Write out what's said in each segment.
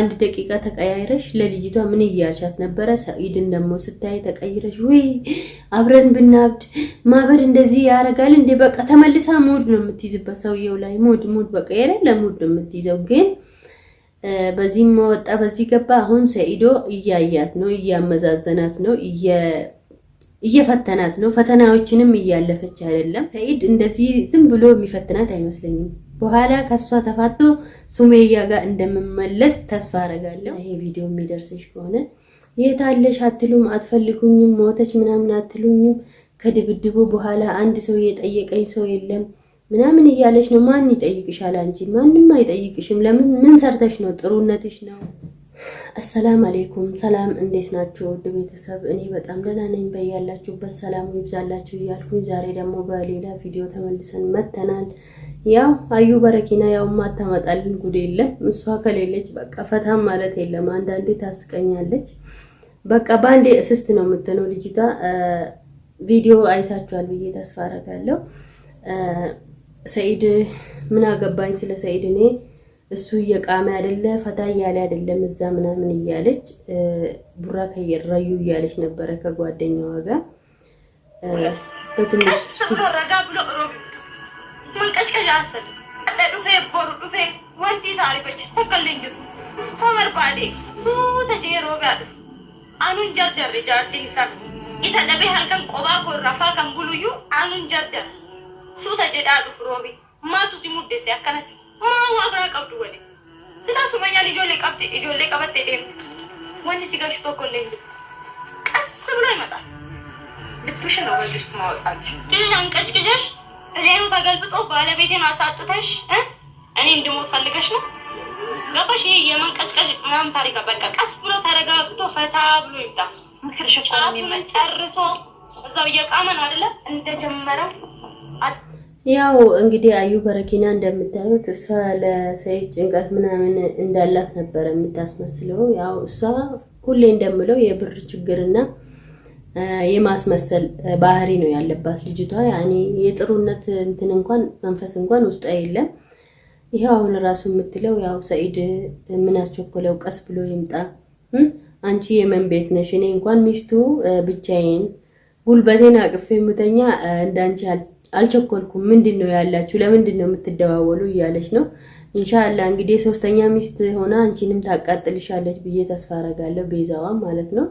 አንድ ደቂቃ ተቀያይረሽ ለልጅቷ ምን እያልሻት ነበረ? ሰኢድን ደግሞ ስታይ ተቀይረሽ፣ ወይ አብረን ብናብድ ማበድ እንደዚህ ያደርጋል እንዴ? በቃ ተመልሳ ሙድ ነው የምትይዝበት ሰውየው ላይ ሙድ ሙድ፣ በቃ የሌለ ሙድ ነው የምትይዘው። ግን በዚህም ወጣ በዚህ ገባ። አሁን ሰኢዶ እያያት ነው፣ እያመዛዘናት ነው እየፈተናት ነው። ፈተናዎችንም እያለፈች አይደለም። ሰኢድ እንደዚህ ዝም ብሎ የሚፈትናት አይመስለኝም። በኋላ ከእሷ ተፋቶ ሱሜያ ጋር እንደምመለስ ተስፋ አደርጋለሁ። ይሄ ቪዲዮ የሚደርስሽ ከሆነ የታለሽ አትሉም፣ አትፈልጉኝም፣ ሞተች ምናምን አትሉኝም። ከድብድቡ በኋላ አንድ ሰው የጠየቀኝ ሰው የለም ምናምን እያለች ነው። ማን ይጠይቅሻል? አንቺ ማንም አይጠይቅሽም። ለምን? ምን ሰርተሽ ነው? ጥሩነትሽ ነው። አሰላም አሌይኩም ሰላም፣ እንዴት ናችሁ ውድ ቤተሰብ? እኔ በጣም ደህና ነኝ። በያላችሁበት ሰላም ይብዛላችሁ እያልኩኝ ዛሬ ደግሞ በሌላ ቪዲዮ ተመልሰን መተናል። ያው አዩ በረኪና ያው ማታመጣልን ጉድ የለም። እሷ ከሌለች በቃ ፈታም ማለት የለም። አንዳንዴ ታስቀኛለች። በቃ በአንዴ እስስት ነው የምትነው ልጅቷ። ቪዲዮ አይታችኋል ብዬ ተስፋ አደርጋለሁ። ሰኢድ ምን አገባኝ ስለ ሰኢድ እኔ እሱ እየቃመ አይደለ ፈታ እያለ አይደለም እዛ ምናምን እያለች ቡራ ከየራዩ እያለች ነበረ ከጓደኛዋ ጋር በትንሽ መንቀሽቀሽ አያስፈልግም። እንደ ዱፌ ቦሩ ዱፌ ወንቲ ሳሪፈች ተከለኝ ጅሩ ሆመር ባዴ ሱ ተጀሮ ጋድፍ አኑን ጀርጀር ጃርቲን ይሳ isa dhabe halkan qophaa koo irraa faa kan buluyyuu aanuun jarjara suuta jedhaa dhufu roobi maatu si muddese akkanatti maa waa biraa qabdu wali silaa sumayyaan ijoollee qabdi ijoollee qabatte deemtu wanni si gashu tokko illee hin qas ብሎ ይመጣል ልብሽን አወጅ ውስጥ ማወጣለሽ ይህን አንቀጭቅጨሽ ሌሉ ተገልብጦ ባለቤቴን አሳጥተሽ እኔ እንድሞት ፈልገሽ ነው ገባሽ? ይሄ የመንቀጭቀጭ ምናምን ታሪክ በቃ ቀስ ብሎ ተረጋግቶ ፈታ ብሎ ይምጣ። ምክርሽጫቱን ጨርሶ እዛው እየቃመን አይደለም እንደጀመረ ያው እንግዲህ አዩ በረኪና እንደምታዩት እሷ ለሰይድ ጭንቀት ምናምን እንዳላት ነበረ የምታስመስለው። ያው እሷ ሁሌ እንደምለው የብር ችግርና የማስመሰል ባህሪ ነው ያለባት ልጅቷ። ያኔ የጥሩነት እንትን እንኳን መንፈስ እንኳን ውስጥ የለም። ይሄ አሁን ራሱ የምትለው ያው ሰኢድ ምን አስቸኮለው ቀስ ብሎ ይምጣ። አንቺ የመን ቤት ነሽ? እኔ እንኳን ሚስቱ ብቻዬን ጉልበቴን አቅፌ የምተኛ እንዳንቺ አልቸኮልኩም። ምንድን ነው ያላችሁ? ለምንድን ነው የምትደዋወሉ? እያለች ነው። እንሻላ እንግዲህ ሶስተኛ ሚስት ሆና አንቺንም ታቃጥልሻለች ብዬ ተስፋ አረጋለሁ። ቤዛዋም ማለት ነው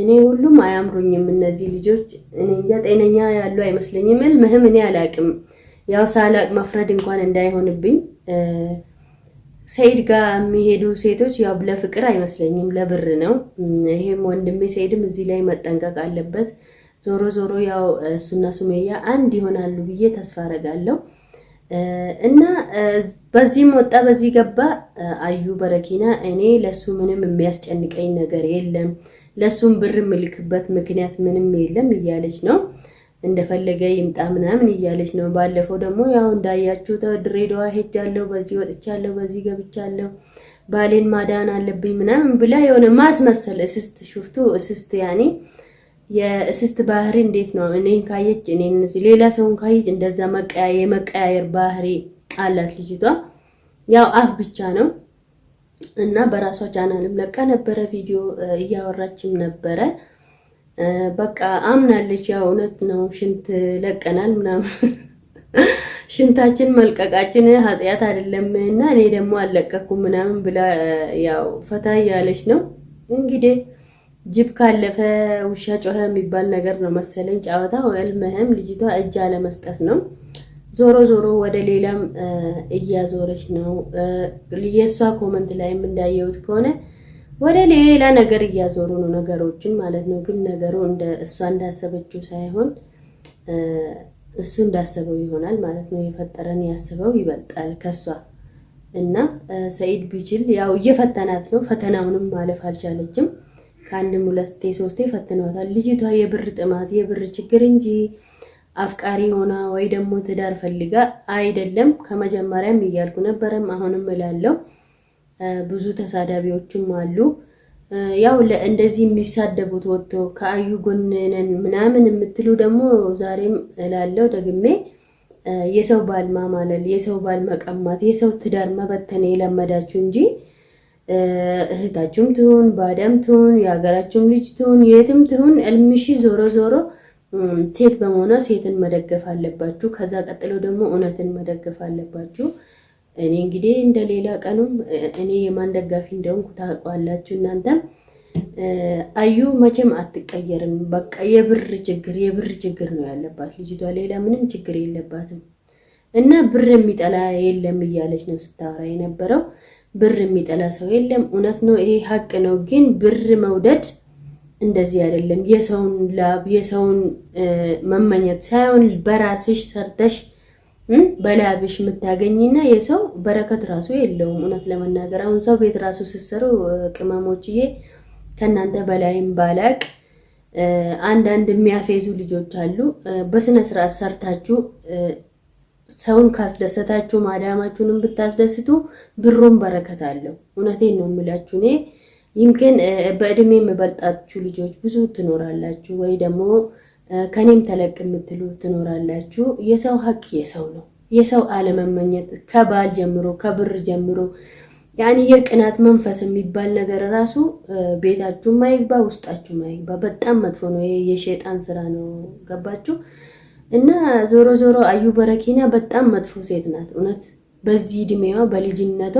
እኔ ሁሉም አያምሩኝም እነዚህ ልጆች። እኔ እንጃ ጤነኛ ያሉ አይመስለኝም። ምህም እኔ አላቅም። ያው ሳላቅ መፍረድ እንኳን እንዳይሆንብኝ ሰይድ ጋር የሚሄዱ ሴቶች ያው ለፍቅር አይመስለኝም፣ ለብር ነው። ይሄም ወንድሜ ሰይድም እዚህ ላይ መጠንቀቅ አለበት። ዞሮ ዞሮ ያው እሱና ሱሜያ አንድ ይሆናሉ ብዬ ተስፋ አረጋለሁ። እና በዚህም ወጣ በዚህ ገባ አዩ በረኪና እኔ ለሱ ምንም የሚያስጨንቀኝ ነገር የለም። ለእሱም ብር ምልክበት ምክንያት ምንም የለም እያለች ነው። እንደፈለገ ይምጣ ምናምን እያለች ነው። ባለፈው ደግሞ ያው እንዳያችሁ ድሬዳዋ ሄጃለሁ፣ በዚህ ወጥቻለሁ፣ በዚህ ገብቻለሁ፣ ባሌን ማዳን አለብኝ ምናምን ብላ የሆነ ማስመሰል እስስት ሹፍቱ እስስት ያኔ የእስስት ባህሪ እንዴት ነው? እኔን ካየች እኔን ሌላ ሰውን ካየች እንደዛ የመቀያየር ባህሪ አላት ልጅቷ። ያው አፍ ብቻ ነው እና በራሷ ቻናልም ለቃ ነበረ ቪዲዮ እያወራችም ነበረ። በቃ አምናለች። ያው እውነት ነው፣ ሽንት ለቀናል ምናምን ሽንታችን መልቀቃችን ኃጢአት አይደለም እና እኔ ደግሞ አልለቀኩም ምናምን ብላ ያው ፈታ እያለች ነው እንግዲህ። ጅብ ካለፈ ውሻ ጮኸ የሚባል ነገር ነው መሰለኝ ጨዋታ። ወልመህም ልጅቷ እጅ አለመስጠት ነው። ዞሮ ዞሮ ወደ ሌላም እያዞረች ነው። የእሷ ኮመንት ላይም እንዳየሁት ከሆነ ወደ ሌላ ነገር እያዞሩ ነው ነገሮችን ማለት ነው። ግን ነገሩ እሷ እንዳሰበችው ሳይሆን እሱ እንዳሰበው ይሆናል ማለት ነው። የፈጠረን ያስበው ይበልጣል ከሷ እና ሰኢድ ቢችል ያው እየፈተናት ነው። ፈተናውንም ማለፍ አልቻለችም። ከአንድም ሁለቴ ሶስቴ ፈትኗታል። ልጅቷ የብር ጥማት የብር ችግር እንጂ አፍቃሪ ሆና ወይ ደግሞ ትዳር ፈልጋ አይደለም። ከመጀመሪያም እያልኩ ነበረም አሁንም እላለሁ። ብዙ ተሳዳቢዎችም አሉ። ያው እንደዚህ የሚሳደቡት ወጥቶ ከአዩ ጎን ነን ምናምን የምትሉ ደግሞ ዛሬም እላለሁ ደግሜ የሰው ባል ማማለል፣ የሰው ባል መቀማት፣ የሰው ትዳር መበተን የለመዳችሁ እንጂ እህታችሁም ትሁን ባዳም ትሁን የሀገራችሁም ልጅ ትሁን የትም ትሁን እልምሺ ዞሮ ዞሮ ሴት በመሆኗ ሴትን መደገፍ አለባችሁ። ከዛ ቀጥሎ ደግሞ እውነትን መደገፍ አለባችሁ። እኔ እንግዲህ እንደ ሌላ ቀኑም እኔ የማን ደጋፊ እንደውም ታውቋላችሁ እናንተም። አዩ መቼም አትቀየርም። በቃ የብር ችግር የብር ችግር ነው ያለባት ልጅቷ፣ ሌላ ምንም ችግር የለባትም። እና ብር የሚጠላ የለም እያለች ነው ስታወራ የነበረው። ብር የሚጠላ ሰው የለም። እውነት ነው፣ ይሄ ሀቅ ነው። ግን ብር መውደድ እንደዚህ አይደለም። የሰውን ላብ የሰውን መመኘት ሳይሆን በራስሽ ሰርተሽ በላብሽ የምታገኝና የሰው በረከት ራሱ የለውም። እውነት ለመናገር አሁን ሰው ቤት ራሱ ስትሰሩ ቅመሞችዬ ከእናንተ በላይም ባላቅ አንዳንድ የሚያፌዙ ልጆች አሉ። በስነ ስርዓት ሰርታችሁ ሰውን ካስደሰታችሁ ማዳማችሁንም ብታስደስቱ ብሩን በረከት አለው። እውነቴን ነው የምላችሁ እኔ ይምክን በእድሜ የምበልጣችሁ ልጆች ብዙ ትኖራላችሁ፣ ወይ ደግሞ ከኔም ተለቅ የምትሉ ትኖራላችሁ። የሰው ሀቅ የሰው ነው። የሰው አለመመኘት ከባል ጀምሮ ከብር ጀምሮ ያን የቅናት መንፈስ የሚባል ነገር ራሱ ቤታችሁ ማይግባ፣ ውስጣችሁ ማይግባ። በጣም መጥፎ ነው። የሸጣን ስራ ነው። ገባችሁ? እና ዞሮ ዞሮ አዩ በረኪና በጣም መጥፎ ሴት ናት። እውነት በዚህ እድሜዋ በልጅነቷ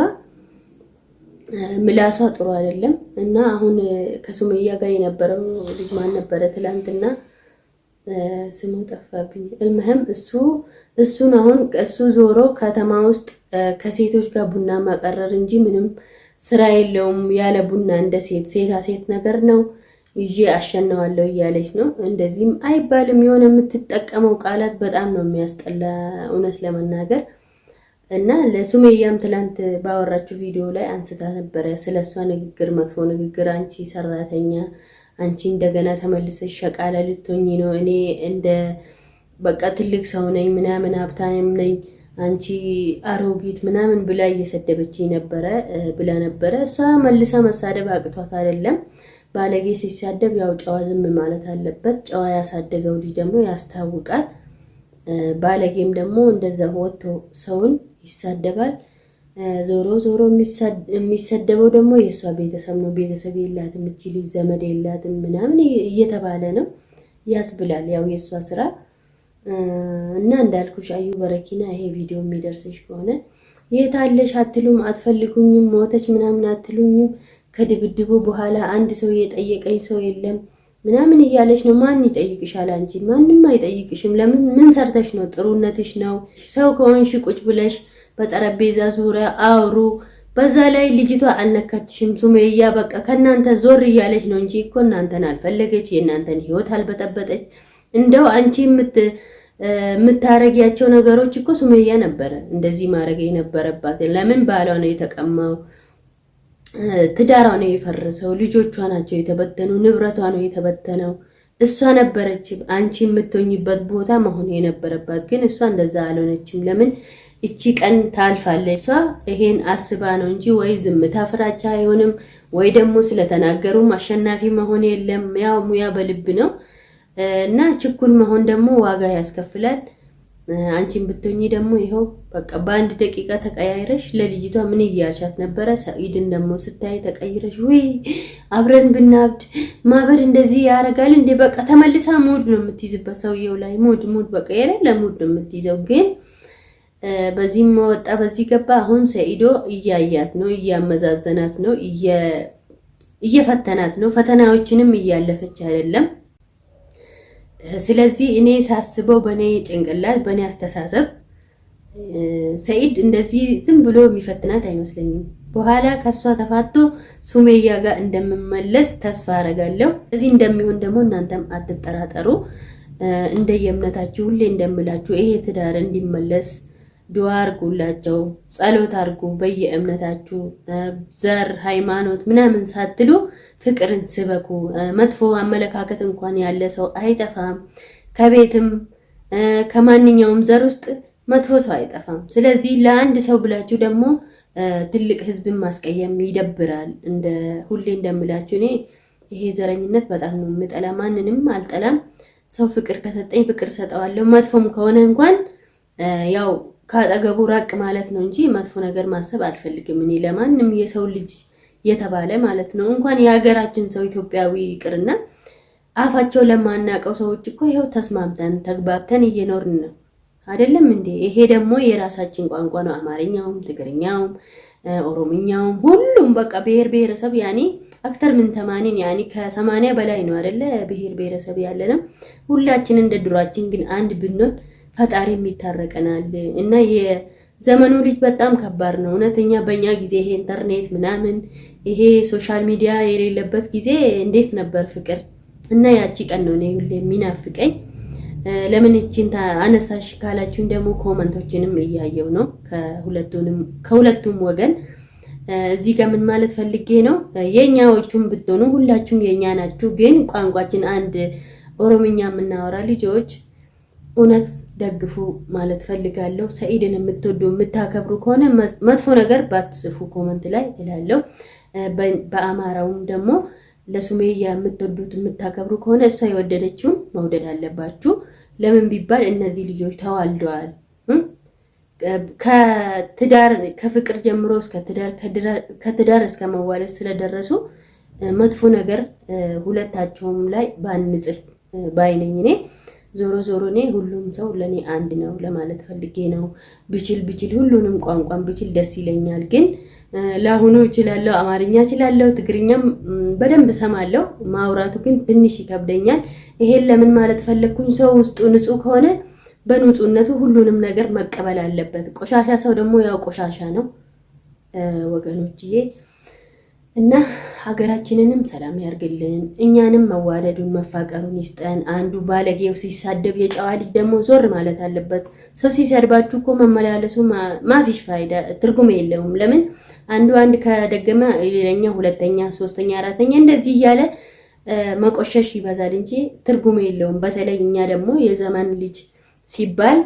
ምላሷ ጥሩ አይደለም እና አሁን ከሱመያ ጋር የነበረው ልጅ ማን ነበረ? ትላንትና ስሙ ጠፋብኝ። እልምህም እሱ እሱን አሁን እሱ ዞሮ ከተማ ውስጥ ከሴቶች ጋር ቡና ማቀረር እንጂ ምንም ስራ የለውም። ያለ ቡና እንደ ሴት ሴታ ሴት ነገር ነው ይዤ አሸነዋለሁ እያለች ነው። እንደዚህም አይባልም። የሆነ የምትጠቀመው ቃላት በጣም ነው የሚያስጠላ እውነት ለመናገር እና ለሱሜያም ትላንት ባወራችሁ ቪዲዮ ላይ አንስታ ነበረ። ስለ እሷ ንግግር፣ መጥፎ ንግግር፣ አንቺ ሰራተኛ፣ አንቺ እንደገና ተመልሰሽ ሸቃላ ልትሆኚ ነው፣ እኔ እንደ በቃ ትልቅ ሰው ነኝ ምናምን ሀብታም ነኝ አንቺ አሮጊት ምናምን ብላ እየሰደበች ነበረ ብላ ነበረ። እሷ መልሳ መሳደብ አቅቷት አይደለም። ባለጌ ሲሳደብ ያው ጨዋ ዝም ማለት አለበት። ጨዋ ያሳደገው ልጅ ደግሞ ያስታውቃል። ባለጌም ደግሞ እንደዛ ወጥቶ ሰውን ይሳደባል። ዞሮ ዞሮ የሚሰደበው ደግሞ የእሷ ቤተሰብ ነው። ቤተሰብ የላትም እቺ ልጅ ዘመድ የላትም ምናምን እየተባለ ነው ያስብላል። ያው የእሷ ስራ እና እንዳልኩሽ አዩ በረኪና፣ ይሄ ቪዲዮ የሚደርስሽ ከሆነ የታለሽ አትሉም፣ አትፈልጉኝም፣ ሞተች ምናምን አትሉኝም። ከድብድቡ በኋላ አንድ ሰው የጠየቀኝ ሰው የለም። ምናምን እያለች ነው። ማን ይጠይቅሻል? አንቺ ማንም አይጠይቅሽም። ለምን ምን ሰርተሽ ነው? ጥሩነትሽ ነው። ሰው ከሆንሽ ቁጭ ብለሽ በጠረጴዛ ዙሪያ አውሩ። በዛ ላይ ልጅቷ አልነካችሽም። ሱሜያ በቃ ከእናንተ ዞር እያለች ነው እንጂ እኮ እናንተን አልፈለገች፣ የእናንተን ህይወት አልበጠበጠች። እንደው አንቺ የምታረጊያቸው ነገሮች እኮ ሱሜያ ነበረ እንደዚህ ማድረግ የነበረባት። ለምን ባሏ ነው የተቀማው ትዳሯ ነው የፈረሰው፣ ልጆቿ ናቸው የተበተኑ፣ ንብረቷ ነው የተበተነው። እሷ ነበረች አንቺ የምትሆኝበት ቦታ መሆን የነበረባት፣ ግን እሷ እንደዛ አልሆነችም። ለምን እቺ ቀን ታልፋለች። እሷ ይሄን አስባ ነው እንጂ ወይ ዝምታ ፍራቻ አይሆንም፣ ወይ ደግሞ ስለተናገሩም አሸናፊ መሆን የለም። ያው ሙያ በልብ ነው እና ችኩል መሆን ደግሞ ዋጋ ያስከፍላል። አንቺን ብትሆኚ ደግሞ ይኸው በቃ በአንድ ደቂቃ ተቀያይረሽ ለልጅቷ ምን እያልሻት ነበረ? ሰኢድን ደግሞ ስታይ ተቀይረሽ ውይ አብረን ብናብድ ማበድ እንደዚህ ያደርጋል እንዴ? በቃ ተመልሳ ሙድ ነው የምትይዝበት ሰውየው ላይ ሙድ ሙድ በቃ የሌለ ሙድ ነው የምትይዘው። ግን በዚህም ወጣ በዚህ ገባ። አሁን ሰኢዶ እያያት ነው፣ እያመዛዘናት ነው፣ እየፈተናት ነው። ፈተናዎችንም እያለፈች አይደለም ስለዚህ እኔ ሳስበው በእኔ ጭንቅላት በእኔ አስተሳሰብ ሰኢድ እንደዚህ ዝም ብሎ የሚፈትናት አይመስለኝም። በኋላ ከእሷ ተፋቶ ሱሜያ ጋር እንደምመለስ ተስፋ አደርጋለሁ። እዚህ እንደሚሆን ደግሞ እናንተም አትጠራጠሩ። እንደየእምነታችሁ ሁሌ እንደምላችሁ ይሄ ትዳር እንዲመለስ ዱዓ አርጉላቸው፣ ጸሎት አርጉ። በየእምነታችሁ ዘር፣ ሃይማኖት ምናምን ሳትሉ ፍቅርን ስበኩ። መጥፎ አመለካከት እንኳን ያለ ሰው አይጠፋም። ከቤትም ከማንኛውም ዘር ውስጥ መጥፎ ሰው አይጠፋም። ስለዚህ ለአንድ ሰው ብላችሁ ደግሞ ትልቅ ህዝብን ማስቀየም ይደብራል። እንደ ሁሌ እንደምላችሁ እኔ ይሄ ዘረኝነት በጣም ነው የምጠላ። ማንንም አልጠላም። ሰው ፍቅር ከሰጠኝ ፍቅር ሰጠዋለሁ። መጥፎም ከሆነ እንኳን ያው ከአጠገቡ ራቅ ማለት ነው እንጂ መጥፎ ነገር ማሰብ አልፈልግም። እኔ ለማንም የሰው ልጅ የተባለ ማለት ነው። እንኳን የሀገራችን ሰው ኢትዮጵያዊ ይቅርና አፋቸው ለማናቀው ሰዎች እኮ ይኸው ተስማምተን ተግባብተን እየኖርን ነው አይደለም እንዴ? ይሄ ደግሞ የራሳችን ቋንቋ ነው። አማርኛውም፣ ትግርኛውም፣ ኦሮምኛውም ሁሉም በቃ ብሔር ብሔረሰብ ያኔ አክተር ምን ተማኒን ያኔ ከሰማንያ በላይ ነው አይደለ? ብሔር ብሔረሰብ ያለንም ሁላችን እንደ ድሯችን ግን አንድ ብንሆን ፈጣሪ የሚታረቀናል እና ዘመኑ ልጅ በጣም ከባድ ነው። እውነተኛ በእኛ ጊዜ ይሄ ኢንተርኔት ምናምን ይሄ ሶሻል ሚዲያ የሌለበት ጊዜ እንዴት ነበር ፍቅር እና ያቺ ቀን ነው እኔ ሁሌ የሚናፍቀኝ። ለምን እችን አነሳሽ ካላችሁኝ ደግሞ ኮመንቶችንም እያየው ነው ከሁለቱም ወገን። እዚህ ጋር ምን ማለት ፈልጌ ነው የእኛዎቹም ብትሆኑ ሁላችሁም የእኛ ናችሁ፣ ግን ቋንቋችን አንድ ኦሮምኛ የምናወራ ልጆች እውነት ደግፉ ማለት ፈልጋለሁ። ሰኢድን የምትወዱ የምታከብሩ ከሆነ መጥፎ ነገር ባትጽፉ ኮመንት ላይ እላለሁ። በአማራውም ደግሞ ለሱሜያ የምትወዱት የምታከብሩ ከሆነ እሷ የወደደችውን መውደድ አለባችሁ። ለምን ቢባል እነዚህ ልጆች ተዋልደዋል። ከትዳር ከፍቅር ጀምሮ ከትዳር እስከ መዋለድ ስለደረሱ መጥፎ ነገር ሁለታቸውም ላይ ባንጽፍ ባይነኝ እኔ ዞሮ ዞሮ እኔ ሁሉም ሰው ለእኔ አንድ ነው ለማለት ፈልጌ ነው። ብችል ብችል ሁሉንም ቋንቋን ብችል ደስ ይለኛል። ግን ለአሁኑ እችላለሁ፣ አማርኛ እችላለሁ፣ ትግርኛም በደንብ ሰማለሁ ማውራቱ ግን ትንሽ ይከብደኛል። ይሄን ለምን ማለት ፈለግኩኝ? ሰው ውስጡ ንጹሕ ከሆነ በንጹሕነቱ ሁሉንም ነገር መቀበል አለበት። ቆሻሻ ሰው ደግሞ ያው ቆሻሻ ነው ወገኖችዬ። እና ሀገራችንንም ሰላም ያርግልን፣ እኛንም መዋደዱን መፋቀሩን ይስጠን። አንዱ ባለጌው ሲሳደብ የጨዋ ልጅ ደግሞ ዞር ማለት አለበት። ሰው ሲሰድባችሁ እኮ መመላለሱ ማፊሽ ፋይዳ ትርጉም የለውም። ለምን አንዱ አንድ ከደገመ ሌላኛ ሁለተኛ፣ ሶስተኛ፣ አራተኛ እንደዚህ እያለ መቆሸሽ ይበዛል እንጂ ትርጉም የለውም። በተለይ እኛ ደግሞ የዘመን ልጅ ሲባል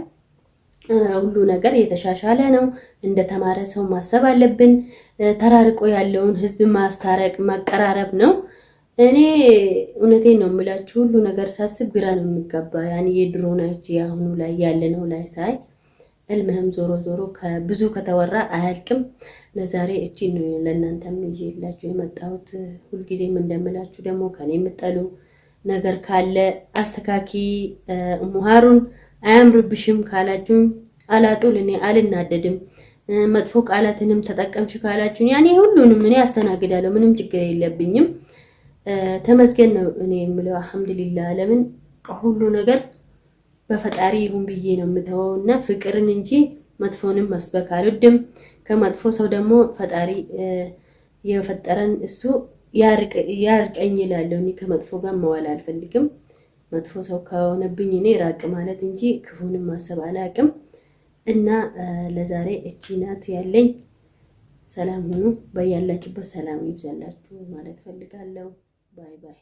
ሁሉ ነገር የተሻሻለ ነው። እንደተማረ ሰው ማሰብ አለብን። ተራርቆ ያለውን ህዝብ ማስታረቅ ማቀራረብ ነው። እኔ እውነቴን ነው የምላችሁ፣ ሁሉ ነገር ሳስብ ግራ ነው የሚገባ። ያን የድሮ ናች የአሁኑ ላይ ያለ ነው ላይ ሳይ እልምህም ዞሮ ዞሮ ብዙ ከተወራ አያልቅም። ለዛሬ እቺ ነው ለእናንተም ይዤላችሁ የመጣሁት። ሁልጊዜም እንደምላችሁ ደግሞ ከኔ የምጠሉ ነገር ካለ አስተካኪ ሙሃሩን አያምርብሽም ካላችሁም አላጡል እኔ አልናደድም። መጥፎ ቃላትንም ተጠቀምሽ ካላችሁን ያኔ ሁሉንም እኔ አስተናግዳለሁ። ምንም ችግር የለብኝም። ተመስገን ነው እኔ የምለው አልሐምዱሊላህ። ለምን ሁሉ ነገር በፈጣሪ ይሁን ብዬ ነው የምተወው እና ፍቅርን እንጂ መጥፎንም መስበክ አልወድም። ከመጥፎ ሰው ደግሞ ፈጣሪ የፈጠረን እሱ ያርቀኝ ይላለሁ። እኔ ከመጥፎ ጋር መዋል አልፈልግም። መጥፎ ሰው ከሆነብኝ እኔ ራቅ ማለት እንጂ ክፉንም ማሰብ አላቅም። እና ለዛሬ እቺ ናት ያለኝ። ሰላም ሁኑ። በያላችሁበት ሰላም ይብዛላችሁ ማለት ፈልጋለሁ። ባይ ባይ።